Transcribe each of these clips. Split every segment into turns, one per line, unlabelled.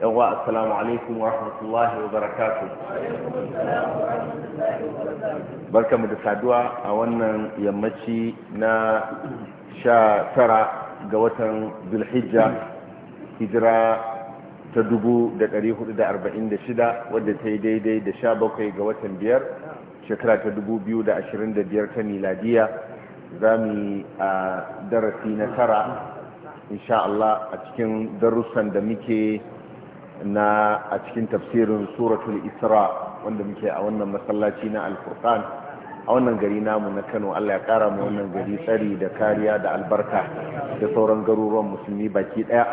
yawa assalamu alaikum wa rahmatullahi wa barakatuh mu da saduwa a wannan yammaci na sha tara ga watan zulhijja hijira ta dubu da wadda ta yi daidai da sha bakwai ga watan biyar shekara ta dubu biyu da ashirin ta miladiya za mu a darasi na tara insha Allah a cikin darussan da muke na a cikin tafsirin suratul isra wanda muke a wannan masallaci na alfurqan a wannan gari namu na kano allah ya kara mu wannan gari tsari da kariya da albarka da sauran garuruwan musulmi baki daya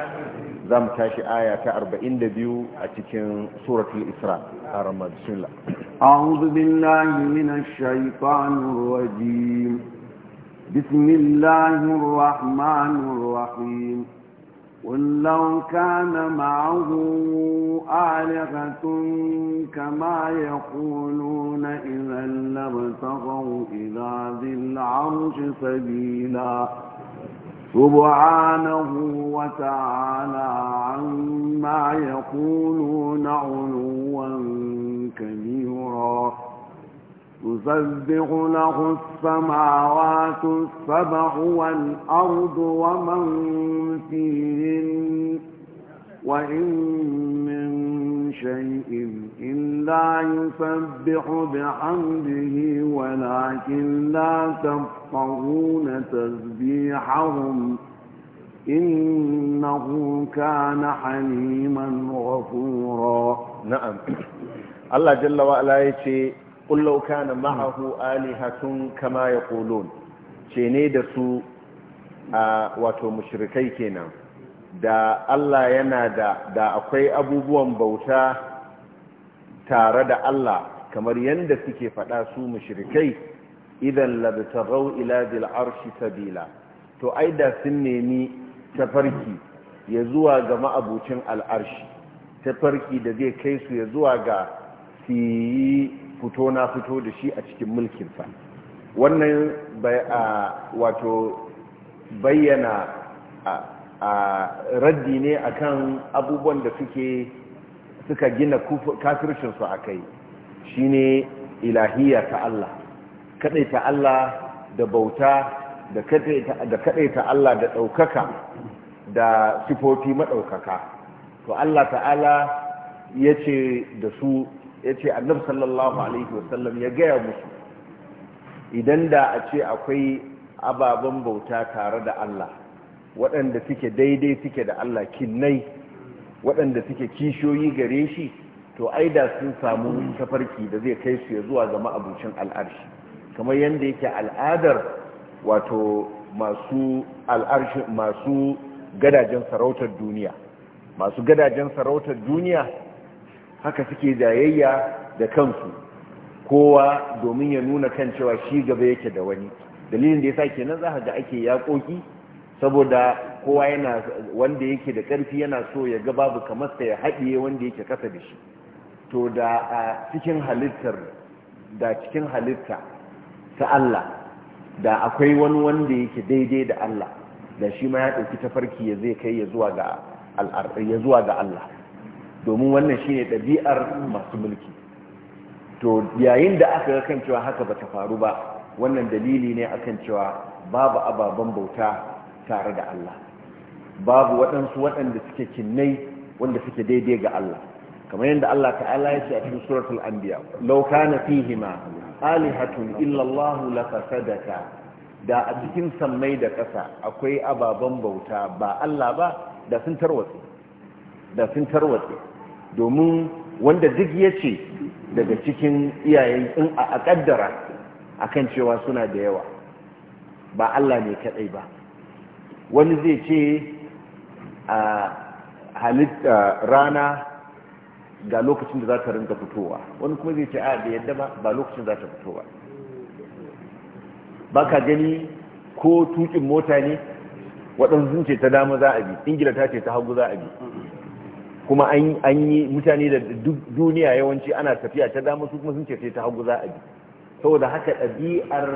za mu tashi aya ta 42
a cikin suratul isra a ramar bismillah a'udhu billahi minash shaitanir rajim bismillahir rahmanir rahim قل لو كان معه آلهة كما يقولون إذا لابتغوا إلى ذي العرش سبيلا سبحانه وتعالى عما يقولون علوا كبيرا تسبح له السماوات السبع والأرض ومن فيهن وإن من شيء إلا يسبح بحمده ولكن لا تفقهون تسبيحهم إنه كان حليما غفورا نعم الله جل وعلا يتي ƙullau kana
ma'ahu alihatun kama ya ƙolon ce ne da su a wato mashirikai kenan da Allah yana da da akwai abubuwan bauta tare da Allah kamar yadda suke faɗa su mashirikai idan labtarau ila dil arshi sabila to ai da sun nemi tafarki ya zuwa ga ma'abucin al'arshi tafarki da zai kai su ya zuwa ga siyi. fito na fito da shi a cikin mulkinsa wannan wato bayyana a raddi ne akan abubuwan da suke suka gina kafircinsu a kai shi ne ilahiyya ta Allah ta Allah da bauta da ta Allah da ɗaukaka da sifofi maɗaukaka to Allah ta'ala ya ce da su ya ce annab sallallahu alaihi wasallam ya gaya musu idan da a ce akwai ababen bauta tare da Allah waɗanda suke daidai suke da Allah kinnai waɗanda suke kishiyoyi gare shi to ai da sun samu tafarki da zai kai su ya zuwa zama abincin al'arshi kamar yadda yake al'adar wato masu al'arshi masu gadajen sarautar duniya masu gadajen sarautar duniya haka suke zayayya da kansu kowa domin ya nuna kan cewa shi gaba yake da wani dalilin da ya yasa kenan za ga ake yaƙoƙi saboda kowa yana wanda yake da ƙarfi yana so ya ga babu kamar sa ya haɗiye wanda yake kasa da shi to da cikin halittar da cikin halitta ta Allah da akwai wani wanda yake daidai da Allah da shi ma ya ɗauki tafarki ya zai kai ya zuwa ga Allah domin wannan shine ɗabi'ar masu mulki to yayin da aka ga kan cewa haka ba ta faru ba wannan dalili ne akan cewa babu ababen bauta tare da Allah babu waɗansu waɗanda suke kinnai wanda suke daidai ga Allah kamar yadda Allah ta'ala ya ce a cikin suratul anbiya law kana fihima alihatun illa Allah la fasadata da a cikin sammai da ƙasa akwai ababen bauta ba Allah ba da sun da sun tarwatse domin wanda duk ya ce daga cikin iyayen in a kaddara kan cewa suna da yawa ba Allah ne kaɗai ba wani zai ce a halitta rana ga lokacin da za ta rinka fitowa wani kuma zai ce a da yadda ba ba lokacin za ta fitowa ba ka gani ko tukin mota ne waɗansu ce ta dama za a bi ingila ta ce ta hagu za a bi kuma an yi mutane da duniya yawanci ana tafiya ta damar su kuma sun ce sai ta hagu za a bi saboda haka ɗabi'ar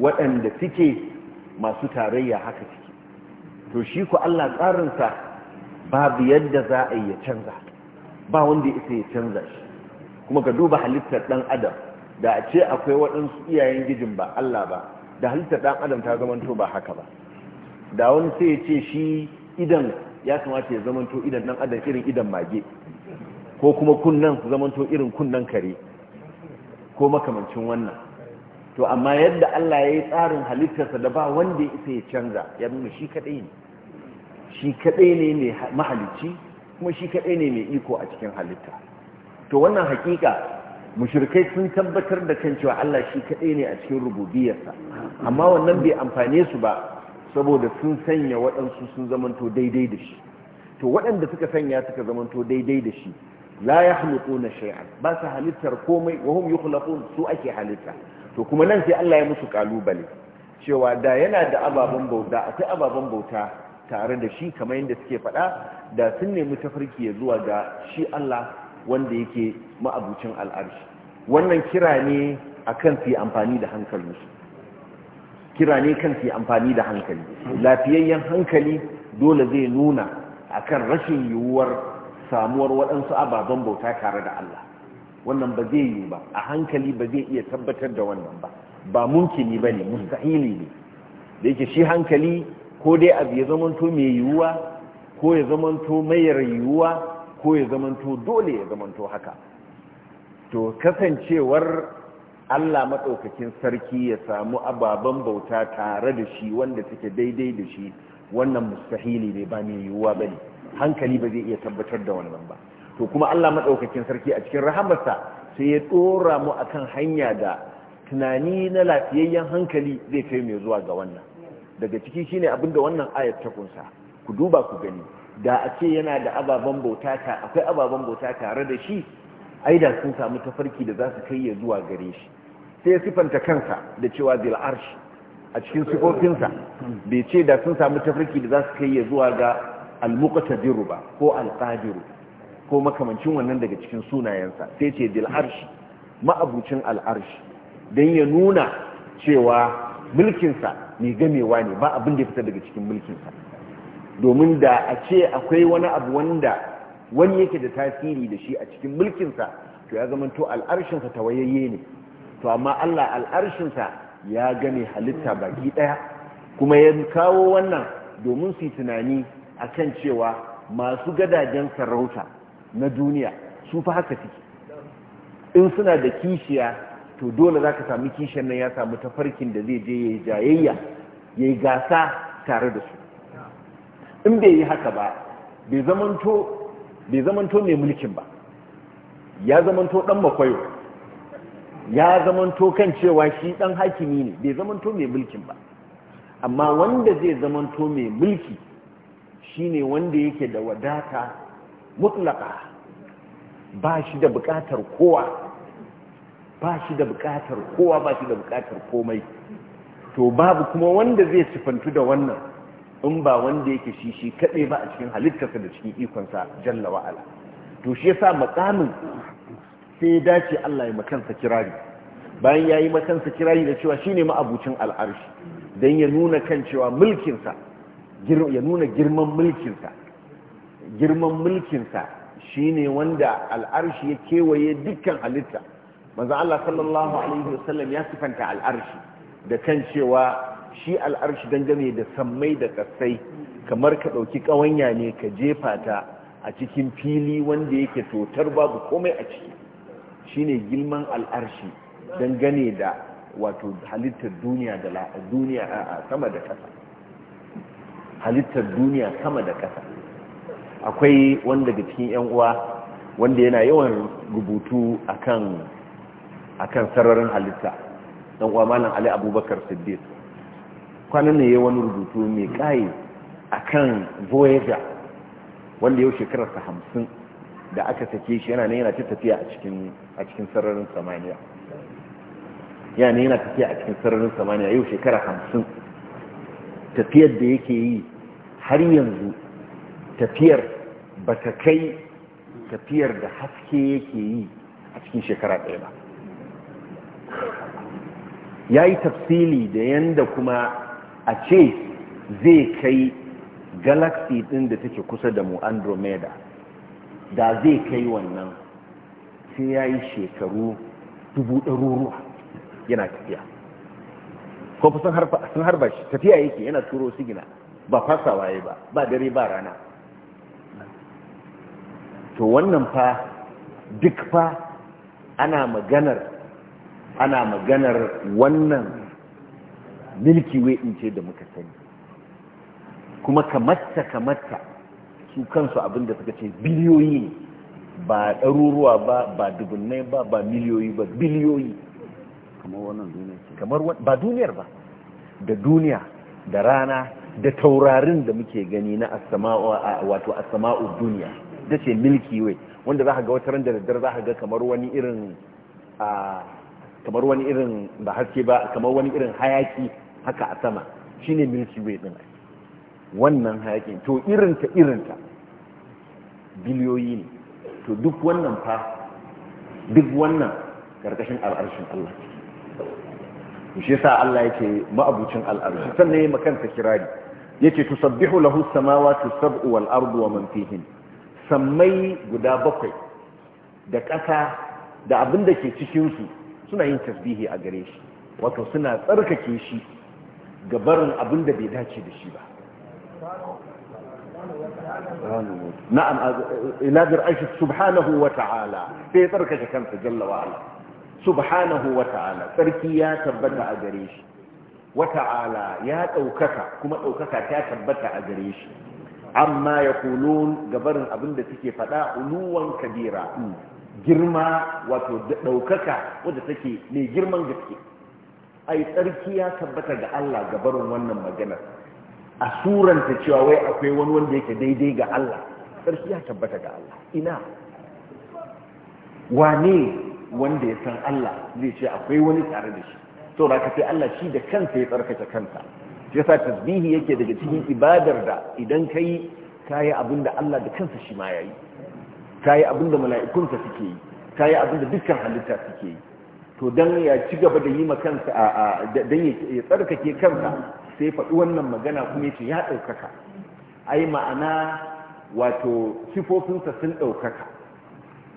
waɗanda suke masu tarayya haka ciki to shi ku Allah tsarinsa babu yadda za a yi ya canza ba wanda isa ya canza shi kuma ka duba halittar ɗan adam da a ce akwai waɗansu iyayen gijin ba Allah ba da halittar ɗan adam ta zamanto ba haka ba da wani sai ya ce shi idan ya kamata ya zamanto idan dan adam irin idan mage ko kuma kunnan zamanto irin kunnan kare ko makamancin wannan to amma yadda Allah ya yi tsarin halittarsa da ba wanda ya isa ya canza ya nuna shi kadai ne shi kadai ne mai mahalicci kuma shi kaɗai ne mai iko a cikin halitta to wannan hakika mushrikai sun tabbatar da kan cewa Allah shi kaɗai ne a cikin rububiyarsa
amma wannan bai
amfane su ba saboda sun sanya waɗansu sun zamanto daidai da shi to waɗanda suka sanya suka zamanto daidai da shi la ya na shari'a ba su halittar komai wa hum yukhlaqun su ake halitta to kuma nan sai Allah ya musu kalubale cewa da yana da ababen bauta akwai ababen bauta tare da shi kamar yadda suke faɗa da sun nemi tafarki ya zuwa ga shi Allah wanda yake ma'abucin al'arshi wannan kira ne akan su amfani da hankalin su. kira ne kan su amfani da hankali lafiyayyen hankali dole zai nuna akan rashin yiwuwar samuwar waɗansu ababen bauta tare da Allah wannan ba zai yi ba a hankali ba zai iya tabbatar da wannan ba ba mumkini ba ne mustahili ne da yake shi hankali ko dai abu ya zamanto mai yiwuwa ko ya zamanto mayar yiwuwa ko ya zamanto dole ya zamanto haka to kasancewar Allah maɗaukakin sarki ya samu ababen bauta tare da shi wanda take daidai da shi wannan mustahili ne ba mai yiwuwa ba ne hankali ba zai iya tabbatar da wannan ba to kuma Allah maɗaukakin sarki a cikin rahamarsa sai ya ɗora mu akan hanya da tunani na lafiyayyen hankali zai kai mai zuwa ga wannan daga ciki shine abin da wannan ayat ta kunsa ku duba ku gani da a ce yana da ababen bauta akwai ababen bauta tare da shi Aida sun samu tafarki da za su kai ya zuwa gare shi sai sifanta kansa da cewa zil arshi a cikin sifofinsa bai ce da sun samu tafarki da za su kai ya zuwa ga al ba ko alkadiru ko makamancin wannan daga cikin sunayensa sai ce zil arshi ma'abucin al'arshi don ya nuna cewa mulkinsa mai gamewa ne ba abin da ya fita daga cikin mulkinsa domin da a ce akwai wani abu wanda wani yake da tasiri da shi a cikin mulkinsa to ya zama to al'arshinsa tawayayye ne to amma Allah al'arshinsa ya gane halitta baki ɗaya kuma ya kawo wannan domin su tunani a kan cewa masu gadajen sarauta na duniya su fi haka ciki. in suna da kishiya to dole za ka sami kishiyar nan ya samu tafarkin da zai je ya yi jayayya ya yi gasa tare da su in bai yi haka ba bai zamanto mai mulkin ba ya zamanto ɗan makwayo ya zamanto kan cewa shi dan hakimi ne bai zamanto mai mulkin ba amma wanda zai zamanto mai mulki shine wanda yake da wadata mutlaka ba shi da bukatar kowa ba shi da bukatar kowa ba shi da bukatar komai to babu kuma wanda zai sifantu da wannan in ba wanda yake shi shi kaɗai ba a cikin halittarsa da cikin ikonsa jalla wa'ala to shi yasa makamin sai ya dace Allah ya makansa kirari bayan ya yi makansa kirari da cewa shine ma'abucin al'arshi don ya nuna kan cewa mulkinsa ya nuna girman mulkinsa girman mulkinsa shine wanda al'arshi ya kewaye dukkan halitta maza Allah sallallahu alaihi wasallam ya sifanta al'arshi da kan cewa shi al'arshi dangane da sammai da kasai kamar ka ɗauki ƙawanya ne ka jefa ta a cikin fili wanda yake totar babu komai a ciki shine gilman al'arshi gane da wato halittar duniya da duniya sama da ƙasa halittar duniya sama da ƙasa akwai wanda daga cikin yan uwa wanda yana yawan rubutu akan akan sararin halitta dan uwa malam Ali Abubakar Siddiq kwanan ne yayin wani rubutu mai kai akan voyager wanda yau shekarar ta 50 da aka sake shi yana ne yana ta tafiya a cikin sararin samaniya yana yana tafiya a cikin sararin samaniya yau shekara hamsin tafiyar da yake yi har yanzu tafiyar ba ta kai tafiyar da haske yake yi a cikin shekara ɗaya ba ya yi tafsili da yanda kuma a ce zai kai galaxy ɗin da take kusa da mu andromeda da zai kai wannan sai ya yi shekaru dubu ɗaruruwa yana tafiya ko fi sun harba shi tafiya yake yana turo sigina ba fasa waye ba ba dare ba rana to wannan fa duk fa ana maganar ana maganar wannan milki in ce da muka sani kuma kamata kamata. su kansu abin da suka ce biliyoyi ne ba ɗaruruwa ba ba dubunai ba ba miliyoyi ba biliyoyi kamar wannan duniya kamar ba duniyar ba da duniya da rana da taurarin da muke gani na asama'u wato asama'u duniya da ce milky way wanda za ka ga wata ran da daddare za ka ga kamar wani irin kamar wani irin ba haske ba kamar wani irin hayaki haka a sama shine milky way din wannan hayakin to irinta irinta biliyoyi ne to duk wannan fa duk wannan karkashin al'arshin Allah shi yasa Allah yake ma'abucin al'arshi sannan yayin makanta kirari yace tusabbihu lahu samawati sabu wal ardu wa man fihin sammai guda bakwai da ƙasa da abin da ke cikin su suna yin tasbihi a gare shi wato suna tsarkake shi ga barin abin da bai dace da shi ba na'am ila arshi subhanahu wa ta'ala sai tsarkake kansa jalla wa ala subhanahu wa ta'ala sarki ya tabbata a gare shi wa ta'ala ya daukaka kuma daukaka ta tabbata a gare shi amma yaqulun gabarin abinda suke fada uluwan kabira girma wato daukaka wanda take mai girman gaske ai tsarki ya tabbata ga Allah gabarin wannan maganar a suranta cewa wai akwai wani wanda yake daidai ga Allah sarki ya tabbata ga Allah ina wane wanda ya san Allah zai ce akwai wani tare da shi to da ka sai Allah shi da kansa ya tsarkake kansa shi yasa tasbihi yake daga cikin ibadar da idan yi kayi abinda Allah da kansa shi ma yi? kayi abinda mala'ikunsa suke yi kayi abinda dukkan halitta suke yi to dan ya ci gaba da yi kansa a dan ya tsarkake kansa sai faɗi wannan magana kuma ya ce ya ɗaukaka ai ma'ana wato sifofinsa sun ɗaukaka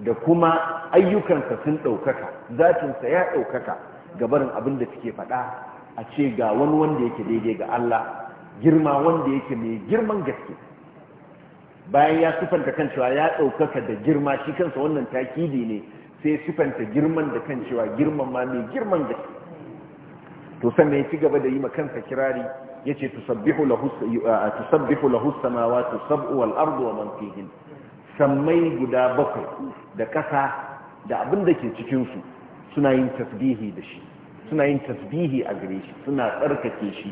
da kuma ayyukansa sun ɗaukaka zatinsa ya ɗaukaka gabarin abin da suke faɗa a ce ga wani wanda yake daidai ga Allah girma wanda yake mai girman gaske bayan ya sifanta kan cewa ya ɗaukaka da girma shi kansa wannan takidi ne sai sifanta girman da kan cewa girman ma mai girman su to sannan ya ci gaba da yi ma kansa kirari yace ce lahu tusabbihu lahu samawati sab'u wal ardu wa man fihin sammai guda bakwai da kasa da abin da ke cikin su suna yin tasbihi da shi suna yin tasbihi a gare shi suna tsarkake shi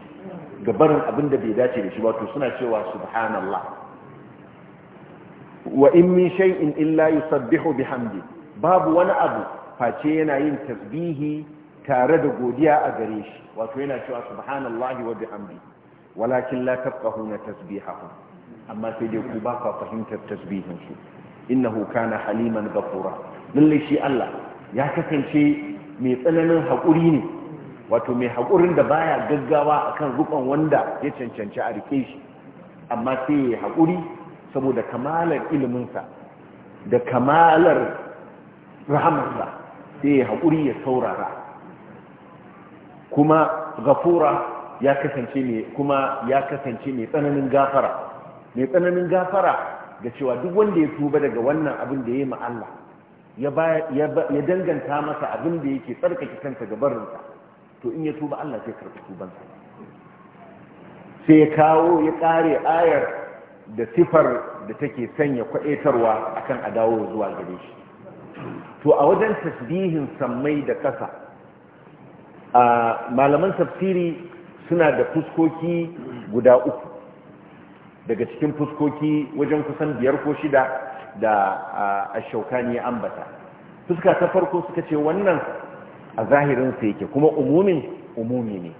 ga barin abin da bai dace da shi wato suna cewa subhanallah wa in min shay'in illa yusabbihu bihamdihi babu wani abu face yana yin tasbihi tare da godiya a gare shi wato yana cewa subhanallahi wa bihamdi walakin la tafqahuna tasbihahum amma sai dai ku ba ku fahimtar tasbihin su innahu kana haliman ghafura lalle shi Allah ya kasance mai tsananin hakuri ne wato mai hakurin da baya gaggawa akan rukon wanda ya cancanci a rike shi amma sai ya hakuri saboda kamalar iliminsa da kamalar rahamarsa sai ya haƙuri ya saurara kuma gafura ya kasance ne kuma ya kasance mai tsananin gafara mai tsananin gafara ga cewa duk wanda ya tuba daga wannan abin da ya yi ma ya danganta masa abin da yake tsarkake kansa ga barinsa to in ya tuba Allah sai karfi tubansa sai ya kawo ya ƙare ayar da sifar da take sanya kwaɗetarwa akan a dawo zuwa gare shi to a wajen tasbihin sammai da ƙasa a malaman tafsiri suna da fuskoki guda uku daga cikin fuskoki wajen kusan biyar ko shida da ashaukani ya ambata fuska ta farko suka ce wannan a zahirinsa yake kuma umumin umumi ne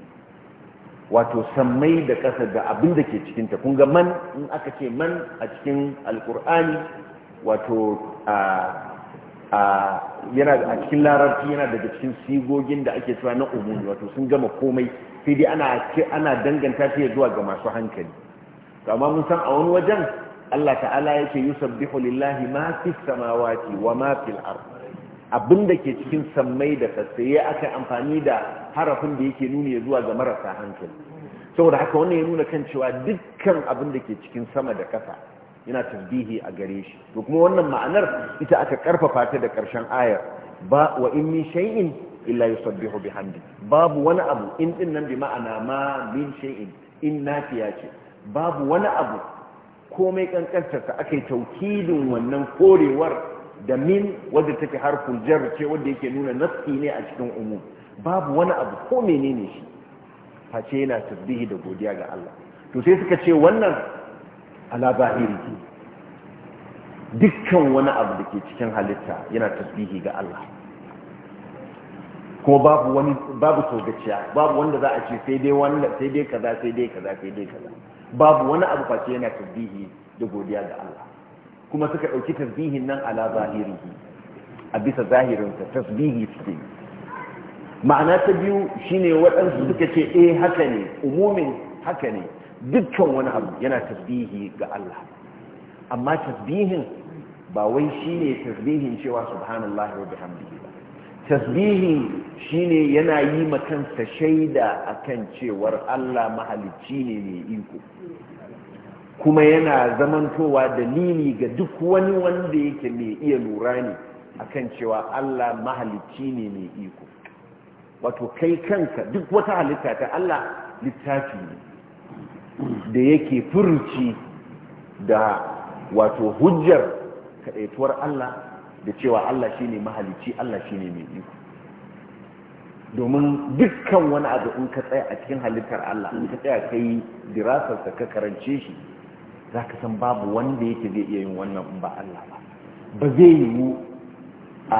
wato sammai da ƙasa da abin da ke cikinta kun ga man in aka ce man a cikin alkur'ani wato yana a cikin larabci yana daga cikin sigogin da ake cewa na umuni wato sun gama komai sai dai ana ana danganta shi zuwa ga masu hankali to amma mun san a wani wajen Allah ta'ala yake yusabbihu lillahi ma fis samawati wa ma fil ard abinda ke cikin sammai da sassaye aka amfani da harafin da yake nuni zuwa ga marasa hankali saboda haka wannan ya nuna kan cewa dukkan abinda ke cikin sama da kasa yana tasbihi a gare shi to kuma wannan ma'anar ita aka karfafa ta da karshen ayar ba wa in min shay'in illa yusabbihu bihamdi babu wani abu in din nan bi ma'ana ma min shay'in in nafiya ce babu wani abu komai kankantar ta akai taukidin wannan korewar da min wadda take harful jar ce wanda yake nuna nafsi ne a cikin umum babu wani abu ko menene shi face yana tasbihi da godiya ga Allah to sai suka ce wannan ala zahirihi dukkan wani abu da ke cikin halitta yana tasbihi ga Allah ko babu wani babu togaciya babu wanda za a ce sai dai wanda sai dai kaza sai dai kaza sai dai kaza babu wani abu face yana tasbihi da godiya ga Allah kuma suka dauki tasbihin nan ala zahirihi a bisa zahirin ta tasbihi suke ma'ana ta biyu shine waɗansu suka ce eh haka ne umumin haka ne dukkan wani abu yana tasbihi ga Allah amma tasbihin ba wai ne tasbihin cewa subhanallahi wa bihamdihi ba tasbihin shine yana yi makansa shaida akan cewar Allah mahalicci ne mai iko kuma yana zamantowa dalili ga duk wani wanda yake mai iya lura ne akan cewa Allah mahalicci ne mai iko wato kai kanka duk wata halitta ta Allah littafi ne da yake furuci da wato hujjar kaɗaituwar Allah da cewa Allah shine mahalicci Allah shine mai iko domin dukkan wani abu in ka tsaya a cikin halittar Allah in ka tsaya ka yi dirasarsa ka karance shi za ka san babu wanda yake zai iya yin wannan ba Allah ba ba zai yiwu a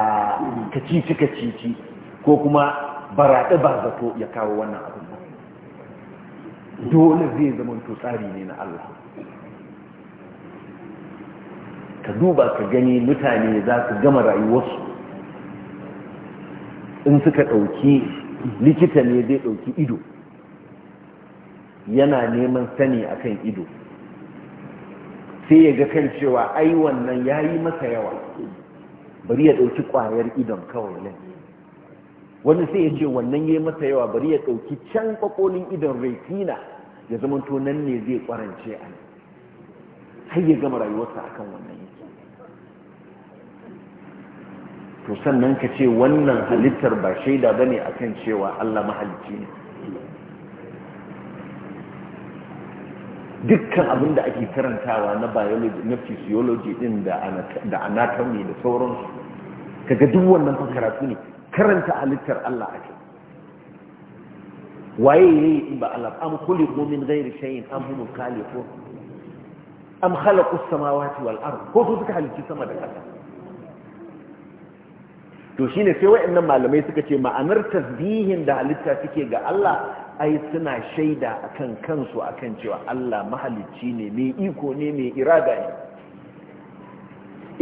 kacici kacici ko kuma baraɗi ba zato ya kawo wannan abu dole zai zama tsari ne na Allah ka duba ka gani mutane za su gama rayuwarsu in suka ɗauki likita ne zai ɗauki ido yana neman sani akan ido sai ya ga kan cewa ai wannan ya yi masa yawa bari ya ɗauki ƙwayar idon kawai nan wani sai ya ce wannan ya yi masa yawa bari ya ɗauki can ƙwaƙolin idon retina ya zama nan ne zai kwarance a har ya gama rayuwarsa a kan wannan yake to sannan ka ce wannan halittar ba shaida ba ne a kan cewa Allah mahalicci ne dukkan abin da ake karantawa na biology na physiology din da anatomy da sauransu kaga duk wannan fa karatu ne karanta halittar Allah ake waye yayi in ba Allah am khuliqu min ghairi shay'in am humul ko? am khalaqu as-samawati wal ard ko su suka halicci sama da ƙasa to shine sai wayannan malamai suka ce ma'anar tasbihin da halitta suke ga Allah ai suna shaida akan kansu akan cewa Allah mahalicci ne mai iko ne mai irada ne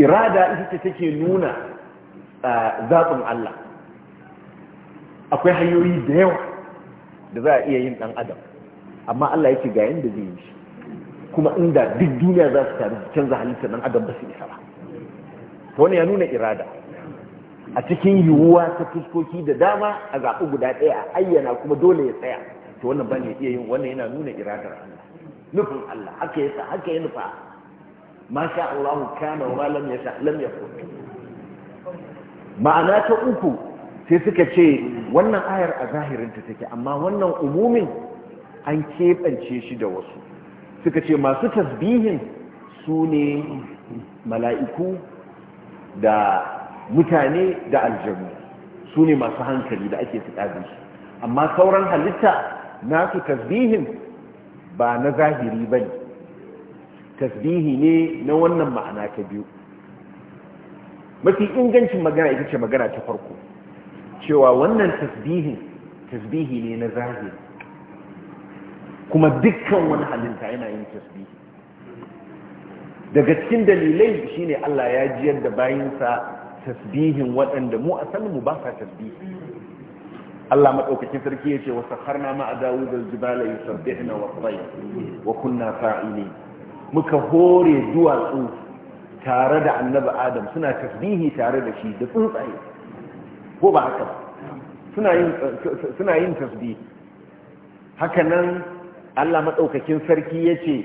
irada ita ce take nuna ah, zaɓin Allah akwai hanyoyi da yawa da za a iya yin ɗan adam amma Allah yake ga yadda zai yi shi kuma inda duk duniya za su taru canza halitta dan adam ba su isa ba ta Wani ya nuna irada a cikin yiwuwa ta fuskoki da dama a zaɓi guda ɗaya a ayyana kuma dole ya tsaya ta wannan ba ne iya yin wannan yana nuna iradar Allah nufin Allah haka yasa haka ya nufa ma sha wa lam yasha lam yakun ma'ana ta uku sai suka ce wannan ayar a zahirinta take amma wannan umumin an keɓance shi da wasu suka ce masu tasbihin su ne mala'iku da mutane da aljanu su ne masu hankali da ake su amma sauran halitta na su tasbihin ba na zahiri ba ne tasbihi ne na wannan ma'ana ta biyu mafi ingancin magana ita ce magana ta farko cewa wannan tasbihin tasbihi ne na zahiri kuma dukkan wani halinta yana yin tasbihi daga cikin dalilai shine Allah ya jiyar da bayinsa tasbihin waɗanda mu a mu ba sa tasbihi Allah maɗaukacin sarki ya ce wasu har na ma'adawu da jibala yi sabbihina wa tsaye wa kunna fa'ili muka hore duwatsu tare da annabi adam suna tasbihi tare da shi da tsuntsaye ko ba haka ba suna yin tasbih haka nan Allah maɗaukakin sarki ya ce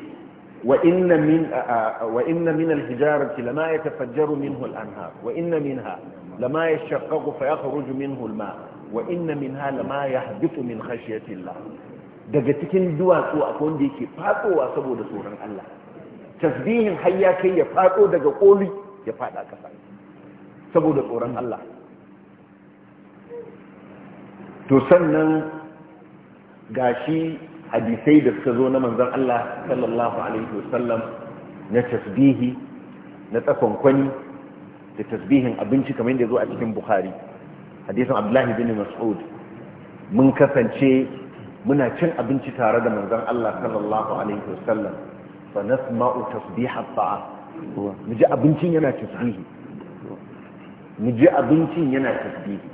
inna min wa inna min al-hijarati lama yatafajjaru minhu al-anhar wa inna minha lama yashaqqaqu fa yakhruju minhu al-ma wa inna minha lama yahbitu min khashyati daga cikin duwatsu akwai wanda yake fatsowa saboda tsoron Allah tasbihin har ya kai ya fatso daga ƙoli ya fada kasa saboda tsoron Allah
to sannan
gashi hadisai da suka zo na manzan Allah sallallahu alaihi wasallam na tasbihi na tsakon kwani da tasbihin abinci kamar yadda zo a cikin Bukhari hadisin Abdullahi bin Mas'ud mun kasance muna cin abinci tare da manzan Allah sallallahu alaihi wasallam fa nasma'u tasbihat ta'a mu ji abincin yana tasbihi mu ji abincin yana tasbihi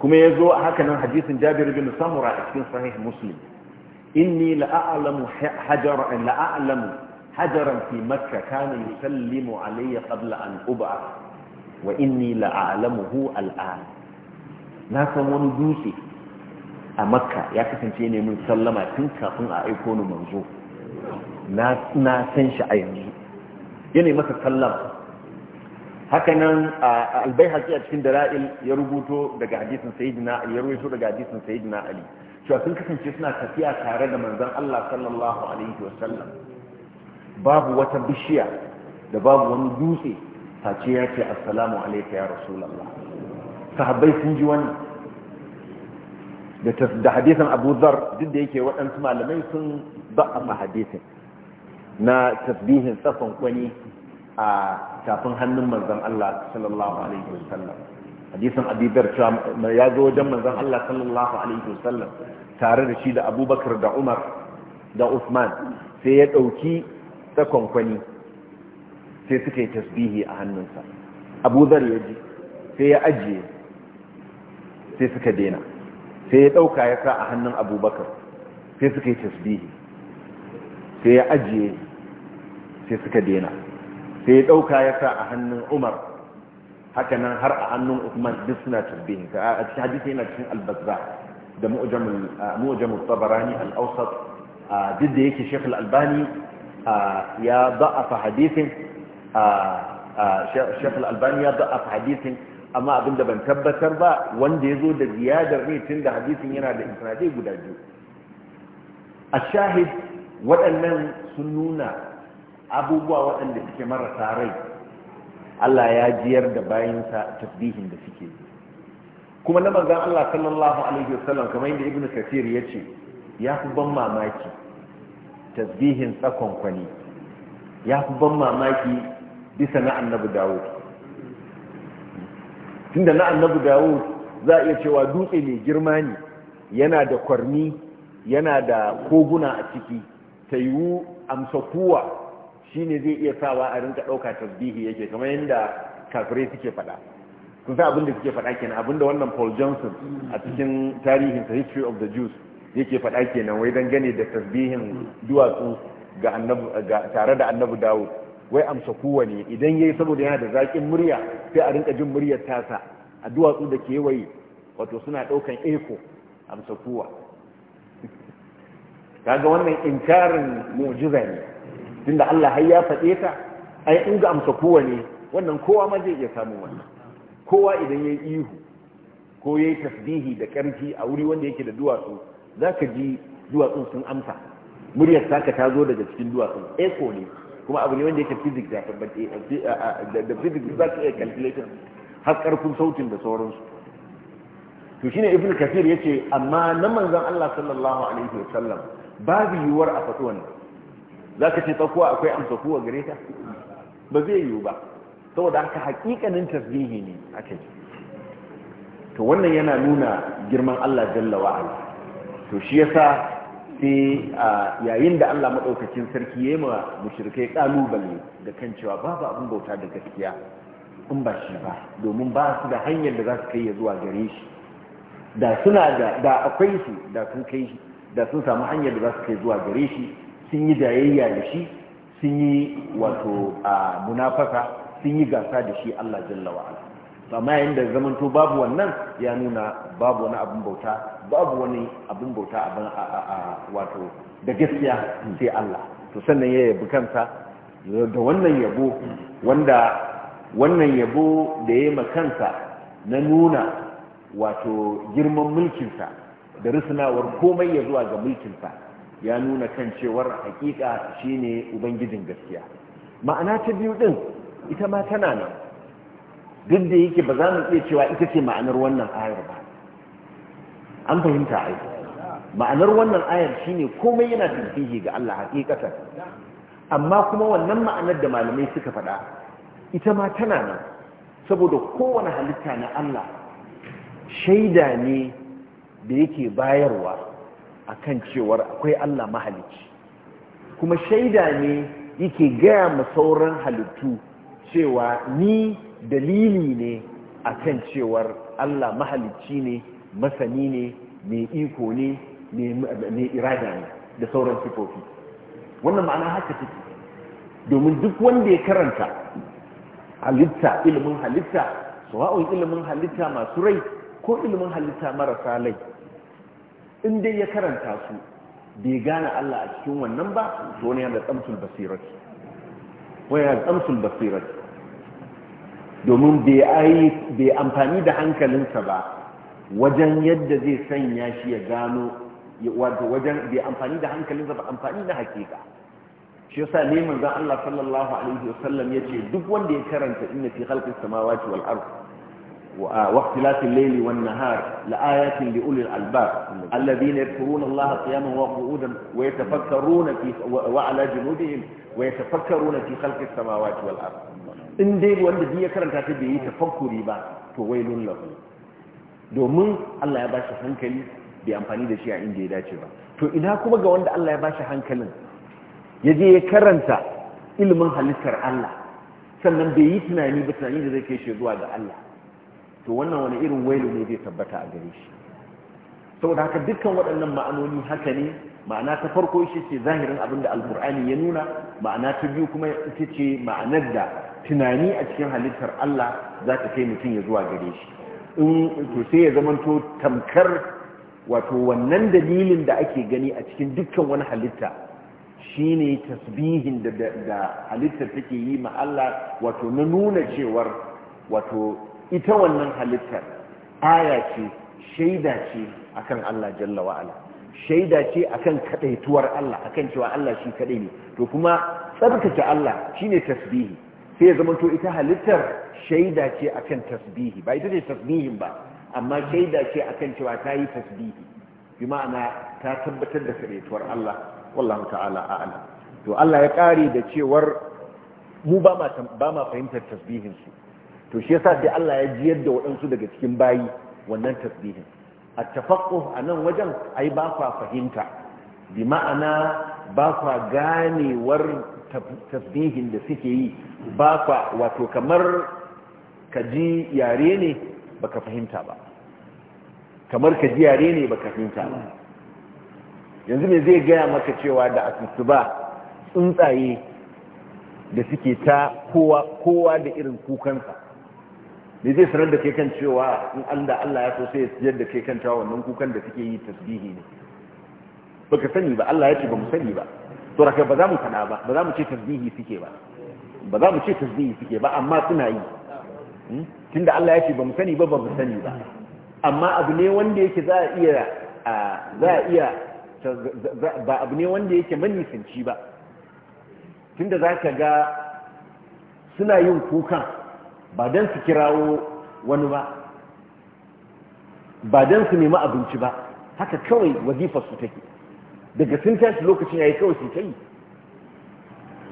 kuma ya zo a hakanan hadisin jabir bin samura a cikin sahih muslim inni la'a'lamu hajaran la'a'lamu hajaran fi makka kana yusallimu alayya qabla an ub'a wa inni la'a'lamuhu al'an na san wani dutse a makka ya kasance ne mun sallama tun kafin a aiko ni manzo na na san shi a yanzu yana masa sallama hakanan albayhaqi a cikin dara'il ya rubuto daga hadisin sayyidina ali ya rubuto daga hadisin sayyidina ali cewa sun kasance suna tafiya tare da manzon Allah sallallahu alaihi wa sallam babu wata bishiya da babu wani dutse face ya ce assalamu alayka ya rasulullah sahabbai sun ji wani da da hadisin Abu Dharr duk da yake waɗansu malamai sun ba ba'a hadisin na tasbihin tsafan kwani a tafin hannun manzan Allah sallallahu alaihi wasallam hadisan Abi Darda ya zo wajen manzan Allah sallallahu alaihi wasallam tare da shi da Abubakar da Umar da Usman sai ya ɗauki ta kwankwani sai suka yi tasbihi a hannunsa Abu ya ji sai ya ajiye sai suka dena sai ya ɗauka ya sa a hannun Abubakar sai suka yi tasbihi sai ya ajiye sai suka dena sai ya ɗauka ya sa a hannun umar hakanan har a hannun usman duk suna tasbihin ka a cikin hadisi yana cikin albazza da mu'jamul tabarani al-awsat duk da yake shekul albani ya da'afa hadisin shekul albani ya da'afa hadisin amma abinda ban tabbatar ba wanda ya zo da ziyadar ne tun da hadisin yana da isnadai guda biyu a shahid waɗannan sun nuna abubuwa waɗanda suke marasa rai Allah ya jiyar da bayansa tasbihin da suke kuma na manzan Allah sallallahu alaihi wasallam kamar yadda ibnu kathir ya ce ya fi ban mamaki tasbihin tsakon kwani ya fi ban mamaki bisa na annabi dawud tunda na annabi dawud za a iya cewa dutse mai girma ne yana da kwarni yana da koguna a ciki ta yiwu amsa kuwa shi ne zai iya sawa a rinka ɗauka tasbihi yake kamar yadda kafirai suke faɗa sun sa abinda suke faɗa kenan abinda wannan Paul Johnson a cikin tarihin the history of the Jews yake faɗa kenan wai don gane da tasbihin duwatsu ga annabu ga tare da annabu dawo wai amsa kowane idan yayi saboda yana da zaƙin murya sai a rinka jin muryar tasa a duwatsu da kewaye wato suna ɗaukan eko amsa kowa kaga wannan inkarin mu'jiza ne tunda Allah har ya faɗe ta ai in ga amsa kowa ne wannan kowa ma zai iya samun wannan kowa idan ya yi ihu ko ya yi tasbihi da ƙarfi a wuri wanda yake da duwatsu za ka ji duwatsun sun amsa muryar saka ta zo daga cikin duwatsun echo ne kuma abu ne wanda yake physics da da physics za ka iya calculator har ƙarfin sautin da sauransu to shine ibnu kafir yace amma na manzon Allah sallallahu alaihi wasallam babu yiwuwar a faɗi wannan za ka ce tsakuwa akwai amsakuwa gare ta ba zai yiwu ba saboda haka hakikanin tasbihi ne aka ji to wannan yana nuna girman Allah jalla ala to shi yasa sai yayin da Allah maɗaukacin sarki ya yi ma mushrikai ƙalubale da kan cewa babu abin bauta da gaskiya in ba shi ba domin ba su da hanyar da za su kai ya zuwa gare shi da suna da akwai shi da sun kai da sun samu hanyar da za su kai zuwa gare shi sun yi dayayya da shi sun yi wato a munafaka sun yi gasa da shi Allah jalla wa amma yayin da zaman to babu wannan ya nuna babu wani abin bauta babu wani abin bauta abin a wato da gaskiya sai Allah to sannan ya yabi kansa da wannan yabo wanda wannan yabo da ya yi kansa na nuna wato girman mulkinsa da risnawar komai ya zuwa ga mulkinsa ya nuna kan cewar hakika shine ubangijin gaskiya ma'ana ta biyu din ita ma tana nan duk da yake ba za mu iya cewa ita ce ma'anar wannan ayar ba an fahimta ai ma'anar wannan ayar shine komai yana tafihi ga Allah hakikatan amma kuma wannan ma'anar da malamai suka faɗa ita ma tana nan saboda kowane halitta na Allah shaida ne da yake bayarwa a kan cewar akwai Allah mahalicci kuma shaida ne yake gaya ma sauran halittu cewa ni dalili ne a kan cewar Allah mahalicci ne masani ne mai iko ne mai irada ne da sauran sifofi wannan ma'ana haka take domin duk wanda ya karanta halitta ilimin halitta sawa'un ilimin halitta masu rai ko ilimin halitta marasa lai in dai ya karanta su bai gane Allah a cikin wannan ba to ne yana tsamsul basirati wai yana tsamsul basirati domin bai amfani da hankalinsa ba wajen yadda zai sanya shi ya gano wajen bai amfani da hankalinsa ba amfani na hakika shi yasa neman za' Allah sallallahu alaihi wasallam ce duk wanda ya karanta inna fi khalqis samawati wal ardh واختلاف الليل والنهار لآيات لأولي الألباب الذين يذكرون الله قياما وقعودا ويتفكرون في وعلى جنودهم ويتفكرون في خلق السماوات والأرض إن دي وأن دي كرنتا تبي تفكري با تويل له domin Allah ya bashi hankali bai amfani da shi a inda ya dace ba to ina kuma ga wanda Allah ya bashi hankalin ya je ya karanta ilimin halittar Allah sannan bai yi tunani ba tunani da zai kai shi zuwa ga Allah to wannan wani irin wailu ne zai tabbata a gare shi saboda haka dukkan waɗannan ma'anoni haka ne ma'ana ta farko shi ce zahirin abin da alkur'ani ya nuna ma'ana ta biyu kuma ita ce ma'anar da tunani a cikin halittar Allah za ta kai mutum ya zuwa gare shi in to sai ya zamanto tamkar wato wannan dalilin da ake gani a cikin dukkan wani halitta shine tasbihin da halittar take yi ma Allah wato na nuna cewar wato ita wannan halittar aya ce shaida ce akan Allah jalla wa'ala shaida ce akan kadaituwar Allah akan cewa Allah shi kadai ne to kuma tsarkake Allah shine tasbihi sai ya zama to ita halittar shaida ce akan tasbihi ba ita ce tasbihin ba amma shaida ce akan cewa ta yi tasbihi bi ma'ana ta tabbatar da kadaituwar Allah wallahu ta'ala a'lam to Allah ya kare da cewar mu ba ma fahimtar tasbihinsu to shi yasa sai Allah ya jiyar da waɗansu daga cikin bayi wannan tasbihin a tafaqquh a nan wajen ai ba kwa fahimta bi ma'ana ba kwa ganewar tasbihin da suke yi ba kwa wato kamar ka ji yare ne baka fahimta ba kamar ka ji yare ne baka fahimta ba yanzu ne zai gaya maka cewa da asusu ba tsuntsaye da suke ta kowa da irin kukansa ne zai sanar da ke kan cewa in da Allah ya so sai ya siyar da ke kan cewa wannan kukan da suke yi tasbihi ne baka sani ba Allah ya ce ba mu sani ba to raka ba za mu kana ba ba za mu ce tasbihi suke ba ba za mu ce tasbihi suke ba amma suna yi hmm? tun da Allah ya ce ba mu sani ba ba mu sani ba amma abu ne wanda yake za a iya za a iya ba abu ne wanda yake manisanci ba tunda za ka ga suna yin kukan ba don su kirawo wani ba ba don su nemi abinci ba haka kawai wazifar su take daga sun tashi lokacin yayi kawai su ta yi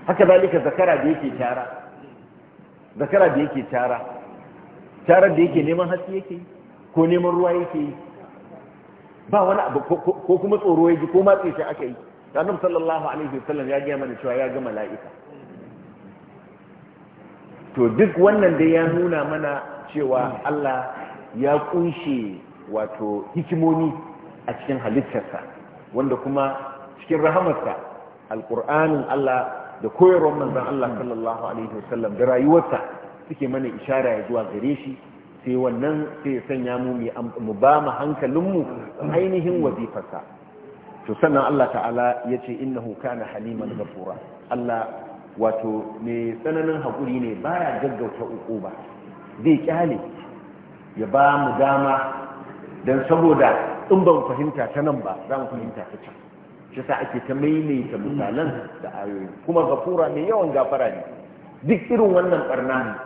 haka zalika zakara da yake tara zakara da yake tara tarar da yake neman hatsi yake ko neman ruwa yake yi ba wani abu ko kuma tsoro ya ji ko matsi shi aka yi annabi sallallahu alaihi wasallam ya gaya mana cewa ya ga mala'ika to duk wannan dai ya nuna mana cewa Allah ya kunshe wato hikimomi a cikin halittarsa wanda kuma cikin rahamarsa alkur'anin Allah da koyarwar manzon Allah sallallahu alaihi wasallam da rayuwarsa suke mana ishara ya zuwa gare shi sai wannan sai ya sanya mu mu ba mu hankalinmu ainihin wazifarsa to sannan Allah ta'ala ya ce innahu kana haliman ghafura Allah wato mai tsananin hakuri ne baya gaggauta uku ba zai kyale ya ba mu dama don saboda in ban fahimta ta nan ba za mu fahimta ta can shi sa ake ta maimaita misalan da ayoyi kuma gafura mai yawan gafara ne duk irin wannan barna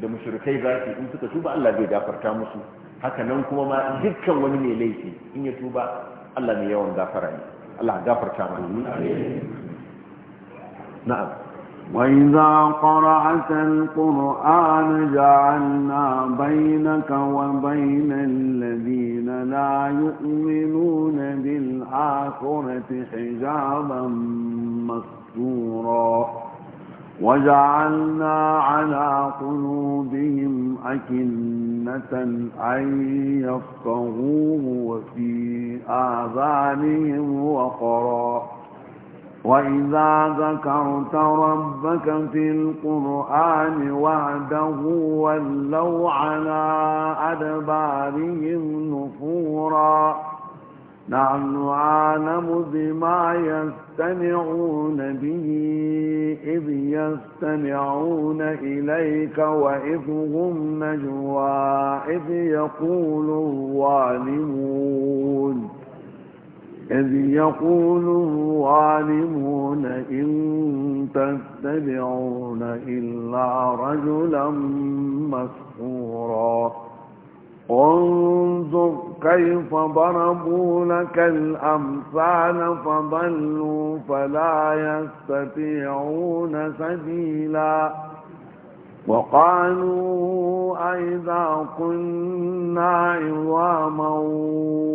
da mushrikai za su in suka tuba Allah zai gafarta musu hakanan kuma ma dukkan wani mai laifi in ya tuba Allah mai yawan gafara ne Allah gafarta mana
na'am وإذا قرأت القرآن جعلنا بينك وبين الذين لا يؤمنون بالآخرة حجابا مستورا وجعلنا على قلوبهم أكنة أن يفقهوه وفي آذانهم وقرا وإذا ذكرت ربك في القرآن وعده ولوا على أدبارهم نفورا نحن عالم بما يستمعون به إذ يستمعون إليك وإذ هم نجوى إذ يقول الظالمون إذ يقول الظالمون إن تتبعون إلا رجلا مسحورا انظر كيف ضربوا لك الأمثال فضلوا فلا يستطيعون سبيلا وقالوا أئذا كنا عظاما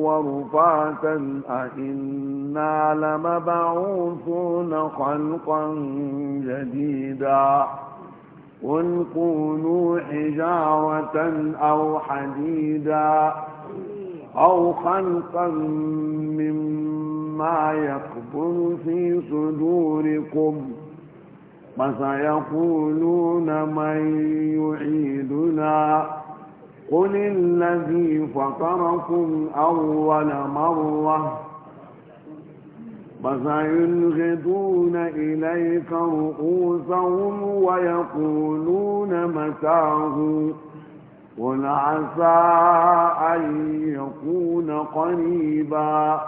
ورفاتا أئنا لمبعوثون خلقا جديدا قل كونوا حجارة أو حديدا أو خلقا مما يقبل في صدوركم فسيقولون من يعيدنا قل الذي فطركم أول مرة فسينغضون إليك رؤوسهم ويقولون متاه قل عسى أن يكون قريباً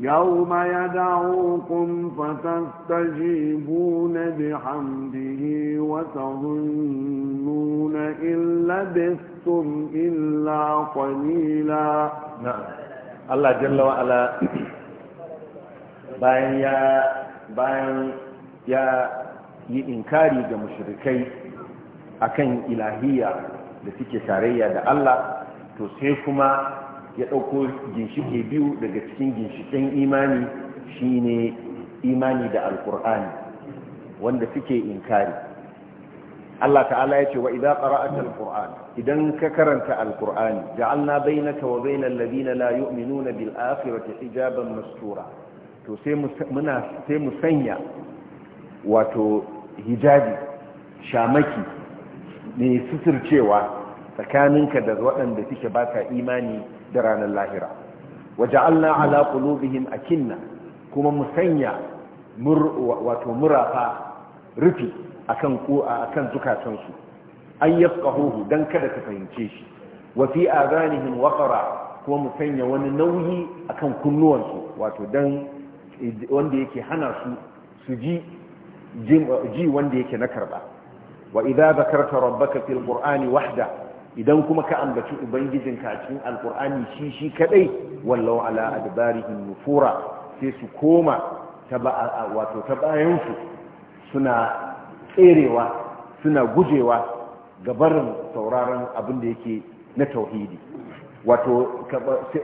يوم يدعوكم فتستجيبون بحمده وتظنون إن لبثتم إلا قليلا نعم
الله جل
وعلا bayan ya bayan ya yi inkari ga mushrikai akan ilahiyya da suke tarayya da Allah to sai kuma ya ɗauko ginshike biyu daga cikin ginshiken imani shine imani da alkur'ani wanda suke inkari Allah ta'ala ya ce wa idza qara'ata alquran idan ka karanta alqur'ani ja'alna bainaka wa bainal ladina la yu'minuna bil akhirati hijaban mastura to sai muna sai mu sanya wato hijabi shamaki ne cewa tsakaninka da waɗanda suke baka imani da ranar lahira waje allah ala qulubihim akinna kuma mu sanya wato murafa rufi akan kan zukatansu an yafqahuhu dan kada ka fahimce shi wa fi adanihim waqara kuma mu sanya wani nauyi akan kunnuwansu wato wanda yake hana su su ji wanda yake na karba wa idza zakarta rabbaka fil qur'ani wahda idan kuma ka ambaci ubangijinka a cikin alkur'ani shi shi kadai wallau ala adbarihim nufura sai su koma ta wato ta bayan su suna tserewa suna gujewa gabarin sauraron abin da yake na tauhidi wato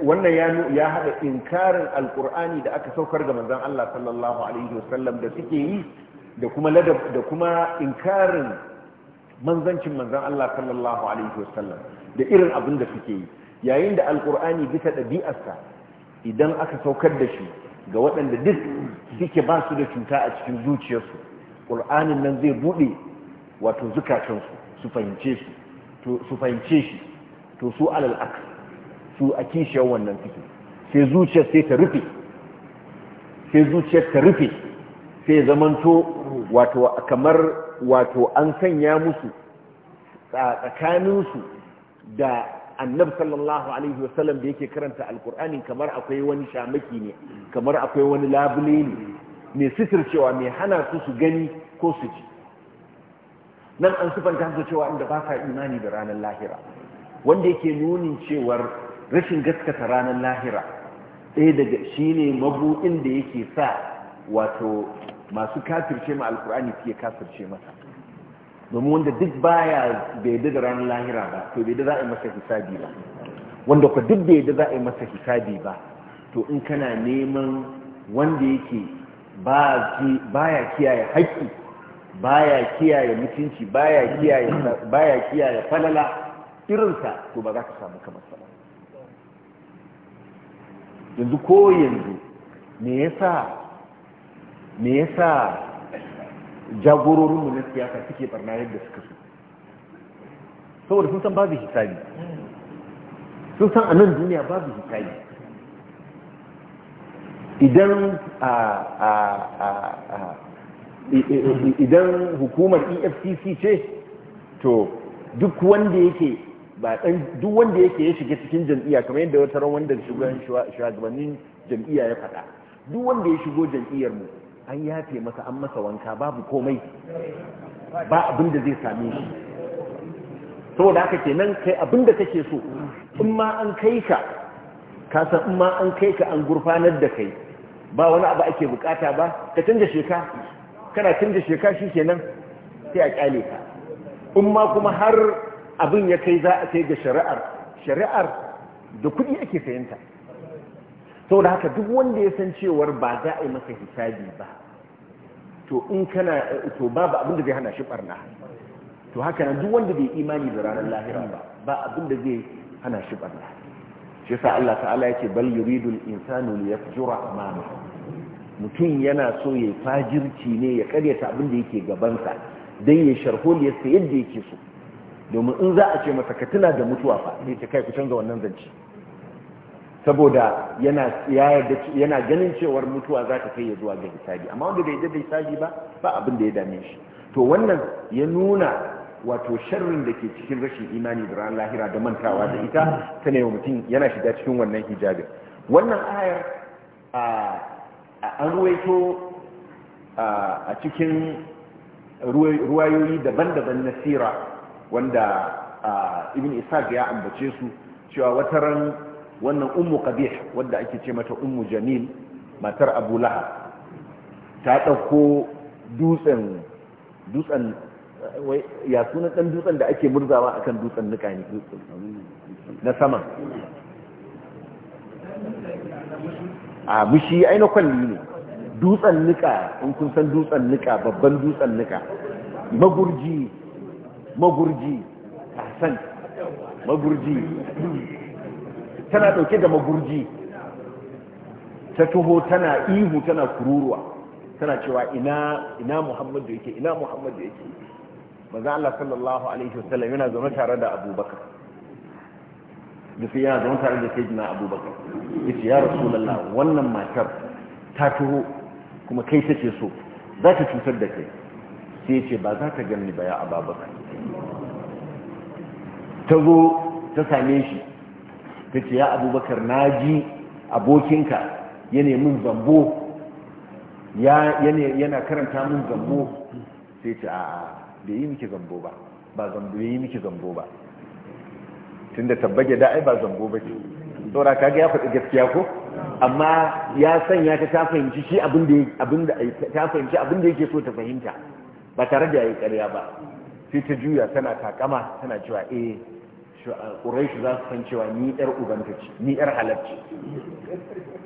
wannan ya ya hada inkarin alkur'ani da aka saukar ga manzon Allah sallallahu alaihi wasallam da suke yi da kuma da kuma inkarin manzancin manzan Allah sallallahu alaihi wasallam da irin abin da suke yi yayin da alkur'ani bisa ɗabi'arsa idan aka saukar da shi ga waɗanda duk suke ba su da cuta a cikin zuciyarsu ƙur'anin nan zai bude wato zukatansu su fahimce su fahimce shi to su alal aks su a kishiyar wannan suke sai zuciyar sai ta rufe sai zuciyar ta rufe sai zamanto wato kamar wato an sanya musu tsakaninsu da annab sallallahu alaihi wasallam da yake karanta alkur'ani kamar akwai wani shamaki ne kamar akwai wani labule ne mai sitir cewa mai hana su su gani ko su ji nan an sufanta su cewa inda ba imani da ranar lahira wanda yake nunin cewar rashin gaskata ranar lahira ɗaya daga shi ne mabuɗin da yake sa wato masu kafirce ma alkur'ani fiye kafirce masa domin wanda duk baya bai yi da ranar lahira ba to bai da za a yi masa hisabi ba wanda ku duk bai da za a yi masa hisabi ba to in kana neman wanda yake baya kiyaye haƙƙi baya kiyaye mutunci baya kiyaye baya kiyaye falala irinsa to ba za ka samu kamar sa ba yanzu ko yanzu me yasa me yasa mu na siyasa suke barna yadda suka so saboda sun san babu hisabi sun san a nan duniya babu hisabi idan idan hukumar efcc ce to duk wanda yake ba dan duk wanda yake ya shiga cikin jam'iyya kamar yadda wata ran wanda shugabannin jam'iyya ya faɗa duk wanda ya shigo jam'iyyar mu an yafe masa an masa wanka babu komai ba abin da zai same shi saboda haka nan kai abin da kake so in ma an kai ka ka san in ma an kai ka an gurfanar da kai ba wani abu ake bukata ba ka canja sheka kana canja sheka shi kenan sai a kyale ka in ma kuma har abin ya kai za a kai ga shari'ar shari'ar da kuɗi ake sayanta saboda haka duk wanda ya san cewar ba za a yi masa hisabi ba to in kana to babu abin da zai hana shi barna to haka nan duk wanda bai imani da ranar lahira ba ba abin da zai hana shi barna shi yasa Allah ta'ala yake bal yuridul insanu liyafjura amama mutum yana so ya fajirci ne ya karyata abin da yake gabansa dan ya sharho ya yadda yake so domin in za a ce masa ka tuna da mutuwa fa sai ta kai ku canza wannan zanci saboda yana ganin cewar mutuwa za ta kai ya zuwa ga hisabi amma wanda bai da hisabi ba ba abin da ya dame shi to wannan ya nuna wato sharrin da ke cikin rashin imani da ran lahira da mantawa da ita ta ne mutum yana shiga cikin wannan hijabin wannan ayar an ruwaito a cikin ruwayoyi daban-daban na sira wanda ibn isaac ya ambace su cewa wataran wannan ummu qabih wadda ake ce mata ummu jamil matar abu lahab ta dauko dutsen dutsen ya suna dan dutsen da ake murzawa akan dutsen nika ne na sama a mushi ai na kwalli ne dutsen nika in kun san dutsen nika babban dutsen nika magurji magurji san magurji tana ɗauke da magurji ta tuho tana ihu tana kururuwa tana cewa ina ina muhammadu yake ina muhammadu yake manzo Allah sallallahu alaihi wasallam yana zama tare da abubakar da sai yana zaune tare da sayyidina abubakar yace ya rasulullah wannan matar ta tuho kuma kai sace so za ta cutar da kai sai yace ba za ta ganni ba ya ababakar ta zo ta same shi ta ce ya abubakar na ji abokinka ya min zambo yana karanta min zambo sai ce a bai yi miki zambo ba ba zambo bai yi miki zambo ba tun da tabbage da ai ba zambo ba ce saura kaga ya faɗi gaskiya ko amma ya sanya ta ta fahimci shi abin da yake so ta fahimta ba tare da ya yi ƙarya ba sai ta juya tana takama tana cewa eh ƙuraishi za su san cewa ni ƴar ubanta ce ni ƴar halarci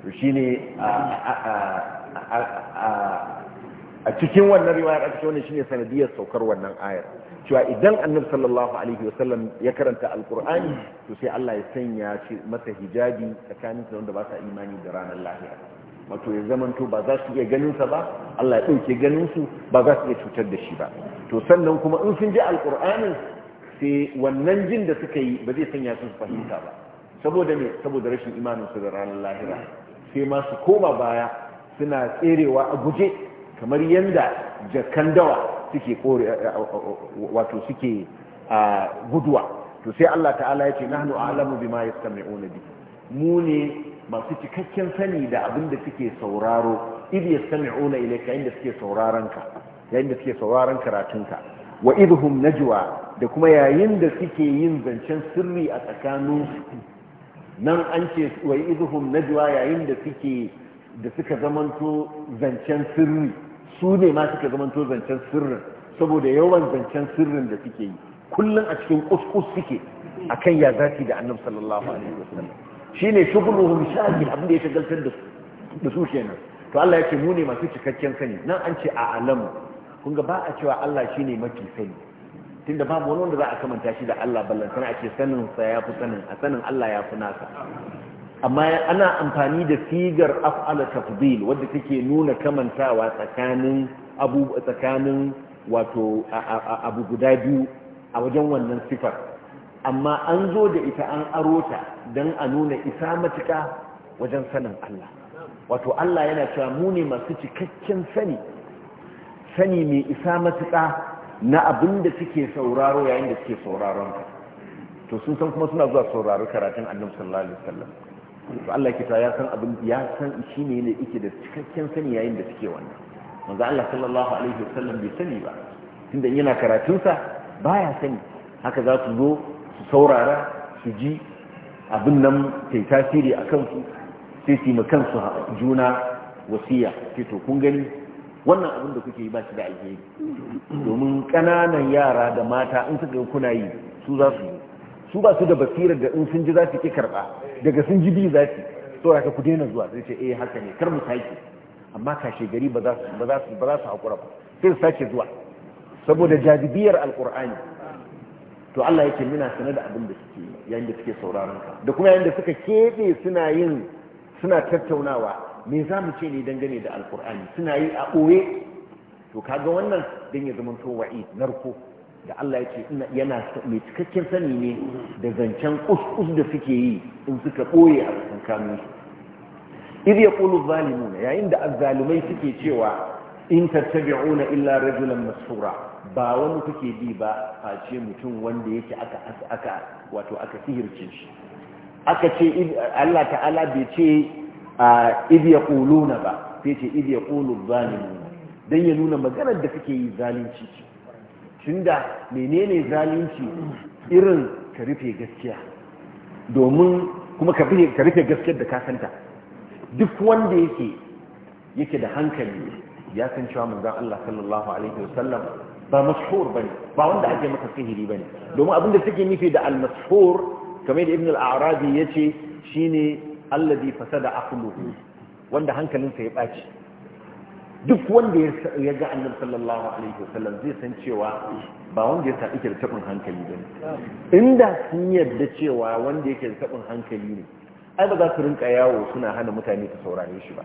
to shi ne a cikin wannan riwayar a cikin wannan shi ne sanadiyar saukar wannan ayar cewa idan annabi sallallahu alaihi wasallam ya karanta alkur'ani to sai Allah ya sanya shi masa hijabi tsakanin da wanda ba sa imani da ranar lahira wato ya zamanto ba za su iya ganin sa ba Allah ya dauke ganin su ba za su iya cutar da shi ba to sannan kuma in sun ji alkur'anin sai wannan jin da suka yi ba zai sanya sun fahimta ba saboda ne saboda rashin imanin su da ranar lahira sai masu koma baya suna tserewa a guje kamar yadda jakan dawa suke kore wato suke guduwa to sai Allah ta'ala ya yace nahnu a'lamu bima yastami'una bi mu ne masu cikakken sani da abin da suke sauraro idh yastami'una ilayka inda suke sauraron ka yayin da suke sauraron karatunka wa idhum najwa da kuma yayin da suke yin zancen sirri a tsakanin nan an ce wa izuhum najwa yayin da suke da suka zamanto zancen sirri su ne ma suka zamanto zancen sirrin saboda yawan zancen sirrin da suke yi kullum a cikin kuskus suke kan ya zafi da annabi sallallahu alaihi wasallam shine shughluhum shagil abin da ya shagaltar da su da kenan to Allah ya ce mu ne masu cikakken sani nan an ce a alamu kun ga ba a cewa Allah shi ne mafi sani tunda babu wani wanda za a kamanta shi da Allah ballantana ake sanin sa ya fi sanin a sanin Allah ya fi nasa amma ana amfani da sigar af'ala tafdil wadda take nuna kamantawa tsakanin abu tsakanin wato abu guda biyu a wajen wannan sifar amma an zo da ita an aro ta don a nuna isa matuka wajen sanin Allah wato Allah yana cewa mu ne masu cikakken sani sani mai isa matuka na abin da suke sauraro yayin da suke sauraron ka to sun san kuma suna zuwa sauraro karatun annabi sallallahu alaihi wasallam to Allah ta ya san abin ya san shi ne yake da cikakken sani yayin da suke wannan manzo Allah sallallahu alaihi wasallam bai sani ba tunda yana karatun sa baya sani haka za su zo su saurara su ji abin nan ta tasiri akan su sai su yi kansu juna wasiya sai to kun gani wannan abin da kuke yi ba shi da alheri domin kananan yara da mata in suka yi kuna yi su za su yi su ba su da basirar da in sun ji za su ke karɓa daga sun ji biyu za su ya ku daina zuwa zai ce eh haka ne kar mu sake amma kashe gari ba za su ba ba ba sai su sake zuwa saboda jajibiyar alƙur'ani to Allah yake muna sanar da abin da suke yayin da suke sauraron ka da kuma yayin da suka keɓe suna yin suna tattaunawa me za mu ce ne dangane da alkur'ani suna yi a ɓoye to kaga wannan don ya zama to wa'i narko da Allah ya ce yana mai cikakken sani ne da zancen kuskus da suke yi in suka ɓoye a tsakankanin su idh yaqulu zalimuna yayin da azzalumai suke cewa in tattabi'una illa rajulan masura ba wani kuke bi ba face mutum wanda yake aka aka wato aka sihirce shi aka ce Allah ta'ala bai ce a idh kuluna ba sai ce idh yaqulu zalimuna don ya nuna maganar da suke yi zalunci ce tunda menene zalunci irin ka rufe gaskiya domin kuma ka rufe gaskiyar da ka santa duk wanda yake yake da hankali ya san cewa manzon Allah sallallahu alaihi wasallam ba mashhur bane ba wanda ake maka sihiri ne domin abinda suke nufi da al-mashhur kamar da ibn al-arabi yace shine allazi fasada aqluhu wanda hankalinsa ya baci duk wanda ya ga annabi sallallahu alaihi wasallam zai san cewa ba wanda ya sabi da tabin hankali ba
inda sun
yarda cewa wanda yake da tabin hankali ne ai ba za su rinka yawo suna hana mutane su saurare shi ba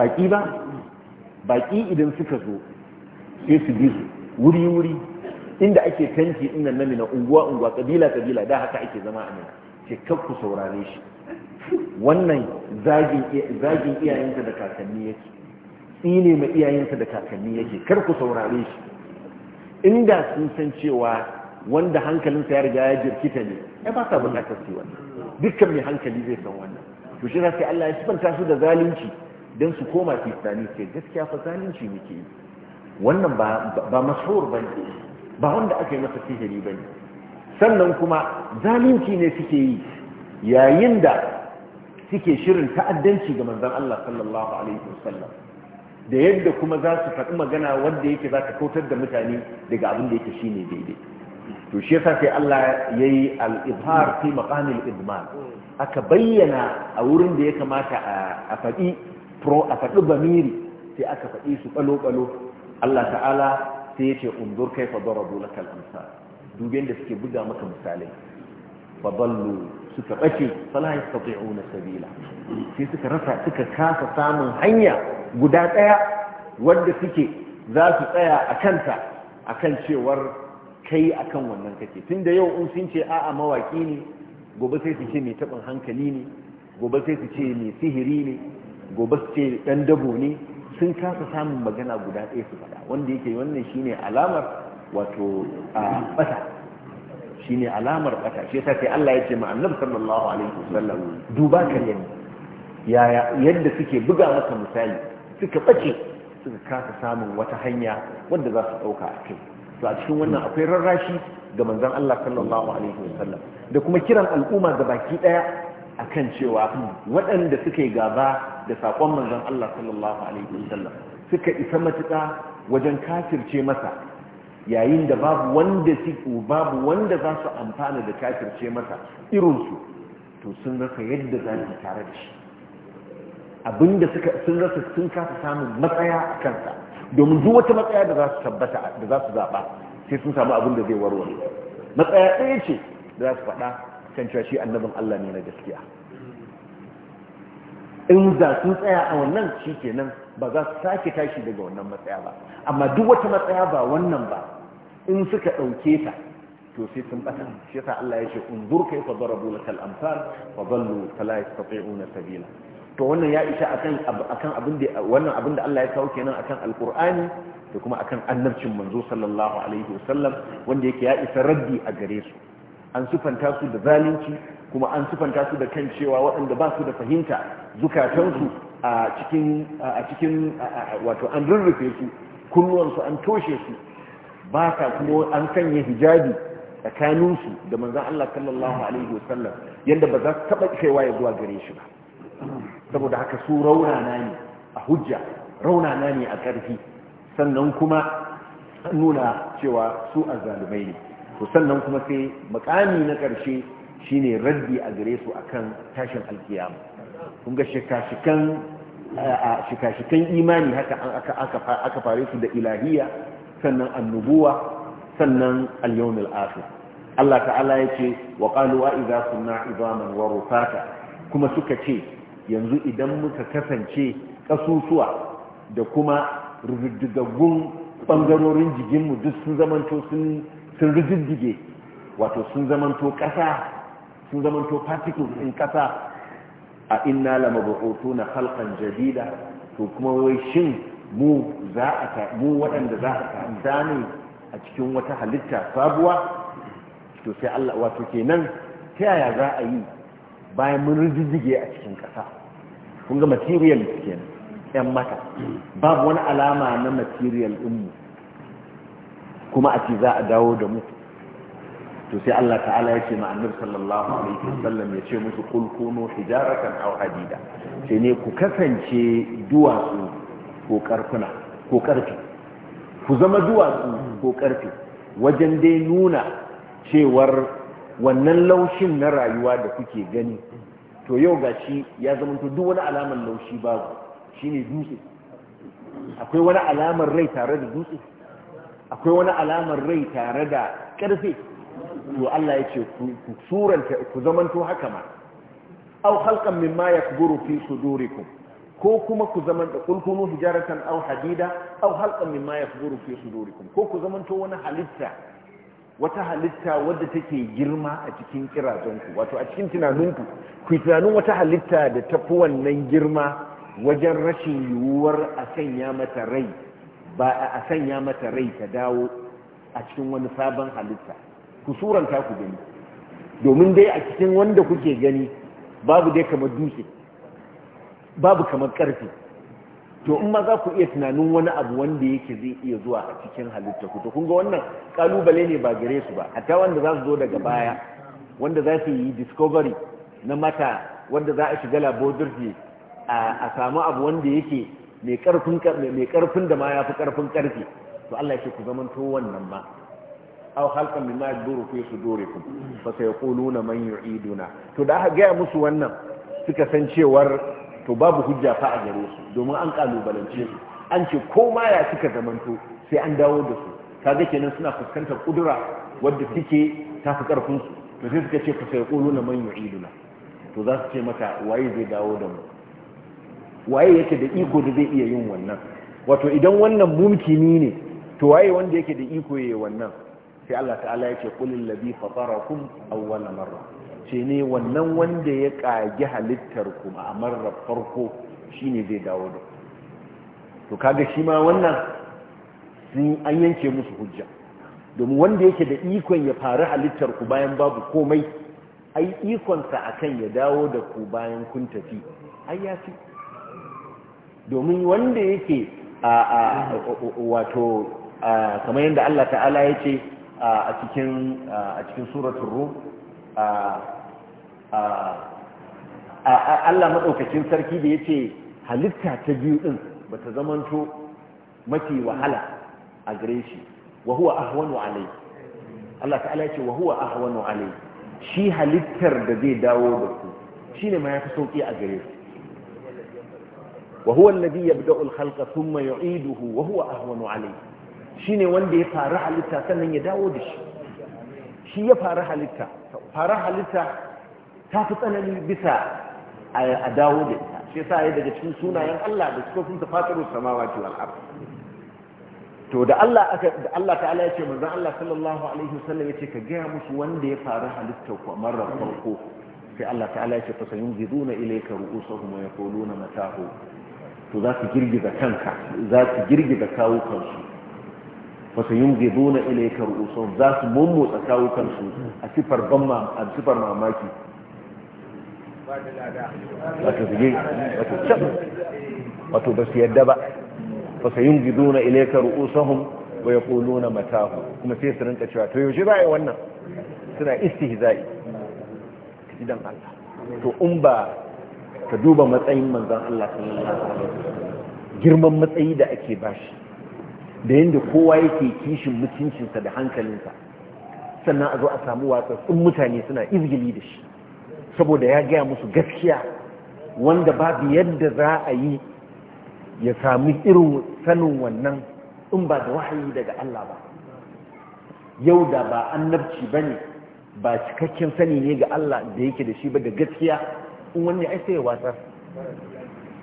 baki ba baki idan suka zo sai su bi wuri wuri inda ake tanti inda nan na unguwa unguwa kabila kabila da haka ake zama a nan ke kakku saurare shi wannan zagin iyayensa da kakanni yake tsine ma iyayensa da kakanni yake kar ku saurare shi inda sun san cewa wanda hankalinsa ya riga ya jirkita ne ya ba sa bukatar su wannan dukkan mai hankali zai san wannan to shi sai Allah ya sifanta su da zalunci don su koma kristani ce gaskiya fa zalunci muke yi wannan ba ba mashhur bane ba wanda aka yi masa sihiri bane sannan kuma zalunci ne suke yi yayin da suke shirin ta'addanci ga manzon Allah sallallahu alaihi wasallam da yadda kuma za su faɗi magana wanda yake za ta kautar da mutane daga abin da yake shine daidai to shi yasa sai Allah ya al al'ibhar fi maqam al aka bayyana a wurin da ya kamata a faɗi pro a faɗi bamiri sai aka faɗi su ɓalo-ɓalo. Allah ta'ala sai yace unzur kaifa darabu lakal amsal duben da suke buga maka misalai fadallu suka ɓace fala auna sabila sai suka rasa suka kasa samun hanya guda ɗaya wanda suke za su tsaya a kanta a kan cewar kai a kan wannan kake tun da yau in sun ce a'a mawaki ne gobe sai su ce mai taɓin hankali ne gobe sai su ce mai sihiri ne gobe su ce ɗan dabo ne sun kasa samun magana guda ɗaya su faɗa wanda yake wannan shine alamar wato a bata Shi ne alamar ɓata shi ta ce Allah ya ce ma sallallahu alaihi wasallam duba ka ne yaya yadda suke buga maka misali suka ɓace suka kasa samun wata hanya wanda za su dauka a kai to a cikin wannan akwai rarrashi ga manzon Allah sallallahu alaihi wasallam da kuma kiran al'umma ga baki ɗaya a kan cewa waɗanda suka yi gaba da saƙon manzon Allah sallallahu alaihi wasallam suka isa matuƙa wajen kafirce masa yayin da babu wanda babu wanda za su amfana da kafirce masa irinsu to sun rasa yadda za su tare da shi abinda suka sun rasa sun kasa samun matsaya a kansa domin duk wata matsaya da za su tabbata da za su zaɓa sai sun samu abinda zai warware matsaya ɗaya ce da za su faɗa kan cewa shi annabin Allah ne na gaskiya
in za sun tsaya a
wannan shi kenan ba za su sake tashi daga wannan matsaya ba amma duk wata matsaya ba wannan ba in suka ɗauke ta to sai sun ɓata shi yasa Allah ya ce unzur kai fa darabu laka al-amsal fa dallu fala yastati'una sabila to wannan ya isa akan akan abin da wannan abin da Allah ya kawo kenan akan alqur'ani da kuma akan annabcin manzo sallallahu alaihi wasallam wanda yake ya isa raddi a gare su an sufanta su da zalunci kuma an sufanta su da kan cewa waɗanda ba su da fahimta zukatansu a cikin a cikin wato an rurrufe su kunnuwansu an toshe su ba sa kuma an sanya hijabi tsakaninsu da manzan Allah sallallahu alaihi wasallam yadda ba za su taɓa isa ya zuwa gare shi ba saboda haka su raunana ne a hujja raunana ne a ƙarfi sannan kuma nuna cewa su zalumai ne to sannan kuma sai makami na ƙarshe shine raddi a gare su akan tashin alkiyama kun ga shika-shikan imani haka aka aka fare su da ilahiyya sannan annubuwa sannan al akhir Allah ta'ala yace wa qalu wa idza kunna idaman wa rufata kuma suka ce yanzu idan muka kasance kasusuwa da kuma rududdugagun bangarorin jikinmu duk sun zamanto sun sun wato sun zamanto kasa sun zamanto particles in kasa a inna lamabutuna khalqan jadida to kuma wai shin mu za a ta mu waɗanda za a ta a cikin wata halitta sabuwa to sai Allah wato kenan ta yaya za a yi bayan mun rijijige a cikin ƙasa kun ga material kenan yan mata babu wani alama na material ɗinmu kuma a ce za a dawo da mu to sai Allah ta'ala ya ce ma annabi sallallahu alaihi wasallam ya ce musu qul kunu hijaratan aw hadida sai ne ku kasance duwatsu ko karfuna ko karfi ku zama duwatsu ko karfi wajen dai nuna cewar wannan laushin na rayuwa da kuke gani to yau ga shi ya zamanto duk wani alamar laushi babu shine dutse akwai wani alamar rai tare da dutse akwai wani alamar rai tare da ƙarfe? to Allah ya ce ku suranta ku zamanto haka ma halkan aw khalqan mimma yakburu fi sudurikum ko kuma ku zaman da kulkunu hijaratan aw hadida aw halqan mimma yafburu fi sudurikum ko ku zamanto wani halitta wata halitta wadda take girma a cikin kirazonku wato a cikin tunaninku ku tunanin wata halitta da ta fi wannan girma wajen rashin yiwuwar a sanya mata rai ba a sanya mata rai ta dawo a cikin wani sabon halitta ku suranta ku gani domin dai a cikin wanda kuke gani babu dai kamar dutse babu kamar karfi to in ma za ku iya tunanin wani abu wanda yake zai iya zuwa a cikin halitta ku to kun ga wannan kalubale ne ba gare su ba hatta wanda za su zo daga baya wanda za su yi discovery na mata wanda za a shiga laboratory a samu abu wanda yake mai karfin mai karfin da ma yafi karfin karfi to Allah yake ku zamanto wannan ma aw halqan ma yaduru fi sudurikum fa sayquluna man yu'iduna to da ga musu wannan suka san cewar to babu hujja fa a gare su domin an kalubalance su an ce ko ma ya suka zamanto sai an dawo da su kaga kenan suna fuskantar kudura wadda suke tafi karfin su to sai suka ce fa sai nuna man yu'iduna to za su ce mata waye zai dawo da mu waye yake da iko da zai iya yin wannan wato idan wannan mumkini ne to waye wanda yake da iko yayi wannan sai Allah ta'ala Ya yake qulil ladhi fatarakum awwala marra ce ne wannan wanda ya ƙagi halittar kuma a marar farko shi ne zai dawo da to kaga shi ma wannan sun an yanke musu hujja domin wanda yake da ikon ya faru halittar ku bayan babu komai ai ikonsa akan ya dawo da ku bayan kun tafi ai ya fi domin wanda yake a wato kamar yadda Allah ta'ala ya ce a cikin suratun rum Allah maɗaukakin sarki da ya ce halitta ta biyu ɗin ba ta zamanto mafi wahala a gare shi wa huwa ahwanu alai Allah ta'ala ce wa huwa ahwanu alai shi halittar da zai dawo da ku ne ma yafi sauƙi a gare ku wa huwa alladhi yabda'u al-khalqa thumma yu'iduhu wa huwa ahwanu alai Shi ne wanda ya fara halitta sannan ya dawo da shi shi ya fara halitta fara halitta ta fi tsanani bisa a dawo da ita shi yasa ya daga cikin sunayen Allah da suka sun tafataru samawati wal ard to da Allah aka da Allah ta'ala ya ce manzon Allah sallallahu alaihi wasallam yace ka gaya musu wanda ya faru halittar ku marar farko sai Allah ta'ala ya ce fasayunziduna ilayka ru'usuhum wa yaquluna matahu to za su girgiza kanka za su girgiza kawukansu wasu yin gidona ilaikar usun za su mummutsa kawukansu a sifar mamaki
wato su wato
wato ba su yadda ba na ilaikar giduna ba ya kolo na matahu kuma sai su rinka cewa to yaushe ba yi wannan suna istihza'i idan Allah to in ba ka duba matsayin manzon Allah sallallahu yi girman matsayi da ake ba shi da yadda kowa yake kishin mutuncinsa da hankalinsa sannan a zo a samu sun mutane suna izgili da shi saboda ya gaya musu gaskiya wanda babu yadda za a yi ya sami irin sanin wannan in ba da wahayi daga Allah ba yau da ba annabci ba ne ba cikakken sani ne ga Allah da yake da shi ba da gaskiya in wani ai sai ya watsar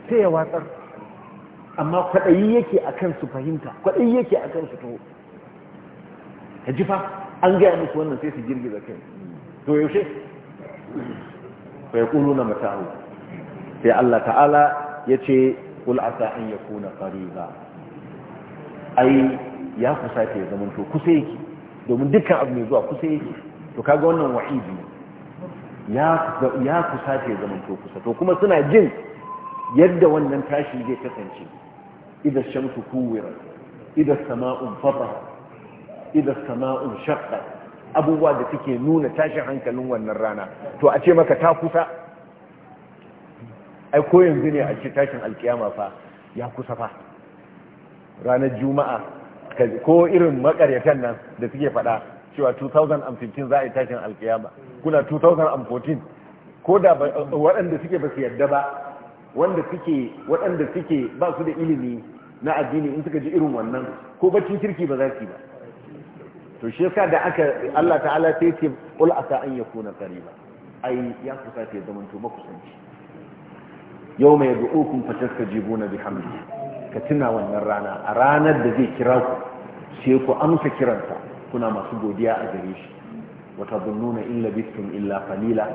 sai ya watsar amma kwaɗayi yake a kan su fahimta kwaɗayi yake a kan su to ka ji fa an gaya musu wannan sai su girgiza kai to yaushe fa na mata'u sai Allah ta'ala ya kul asa an ya kuna fari ba ai ya kusa ta zama to kusa yake domin dukkan abu mai zuwa kusa yake to kaga wannan wa'idi ya kusa ta zama to kusa to kuma suna jin yadda wannan tashi zai kasance idan shamsu kuwira idan sama'un fata idan sama'un shakar abubuwa da suke nuna tashin hankalin wannan rana to a ce maka ta kusa ai ko yanzu ne a ce tashin alkiyama fa ya kusa fa ranar juma'a ko irin makaryatan nan da suke faɗa cewa 2015 za a yi tashin alkiyama kuna 2014 ko da waɗanda suke ba su yadda ba wanda suke waɗanda suke ba su da ilimi na addini in suka ji irin wannan ko baccin kirki ba za su yi ba to shi yasa da aka Allah ta'ala sai ce qul asa an yakuna qariba ai ya kusa ta zama to makusanci yawma yad'ukum fatastajibuna bihamdi ka tuna wannan rana a ranar da zai kira ku sai ku amsa kiransa kuna masu godiya a gare shi wa tadunnuna illa bittum illa qalila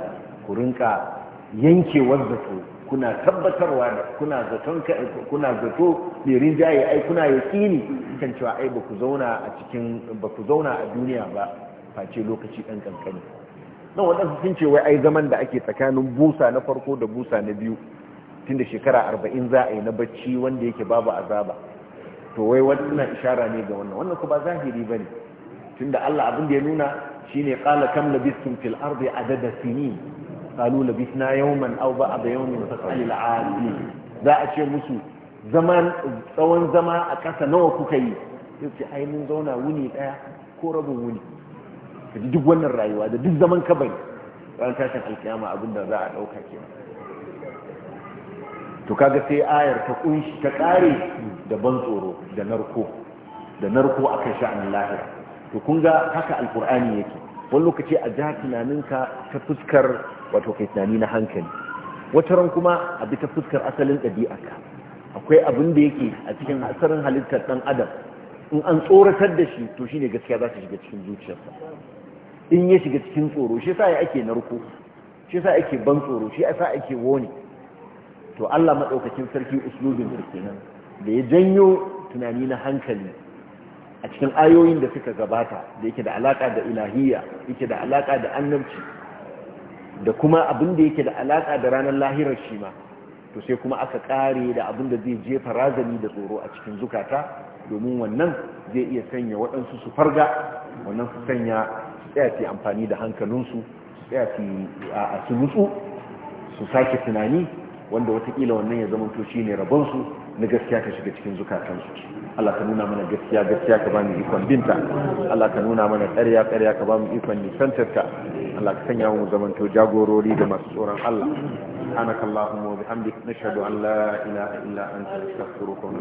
ku rinka yankewar zato kuna tabbatarwa da kuna zaton kuna zato mai rinjaye ai kuna yaƙini kan cewa ai ba ku zauna a cikin ba ku zauna a duniya ba face lokaci ɗan kankani nan wadansu sun ce wai ai zaman da ake tsakanin busa na farko da busa na biyu tunda shekara arba'in za a yi na bacci wanda yake babu azaba to wai wannan ishara ne ga wannan wannan ku ba zahiri ba ne tunda allah abin da ya nuna shine qala kam labistum fil ardi adada sinin qalu labithna yawman aw ba'da yawmin fasal al-'ali za a ce musu zaman tsawon zama a ƙasa nawa kuka yi sai ce ai mun zauna wuni daya ko rabin wuni ka duk wannan rayuwa da duk zaman bari ran tashin alkiyama abinda za a ɗauka kenan to kaga sai ayar ta kunshi ta kare da ban tsoro da narko da narko kan sha'anin lahira to kun ga haka alkur'ani yake wani lokaci a ja tunaninka ta fuskar wato kai tunani na hankali wata ran kuma a bi ta fuskar asalin ɗabi'arka akwai abin da yake a cikin asarin halittar ɗan adam in an tsoratar da shi to shine gaskiya za ta shiga cikin zuciyarsa in ya shiga cikin tsoro shi sa ya ake narko shi sa ake ban tsoro shi sa ake woni to Allah madaukakin sarki uslubin sarki kenan da ya janyo tunani na hankali a cikin ayoyin da suka gabata da yake da alaƙa da ilahiyya yake da alaƙa da annabci da kuma abin da yake da alaƙa da ranar lahirar shi ma to sai kuma aka kare da abin da zai jefa razani da tsoro a cikin zukata domin wannan zai iya sanya waɗansu su farga wannan su sanya su tsaya su amfani da hankalinsu su tsaya su nutsu su sake tunani wanda watakila wannan ya zama to shi ne rabonsu na gaskiya ka shiga cikin zukatansu Allah ka nuna mana gaskiya gaskiya ka ba mu ikon binta Allah ka nuna mana ƙarya ƙarya ka ba mu ikon ka Allah ka sanya mu
zamanto jagorori da masu tsoron Allah subhanakallahumma wa bihamdika nashhadu an la ilaha illa anta astaghfiruka wa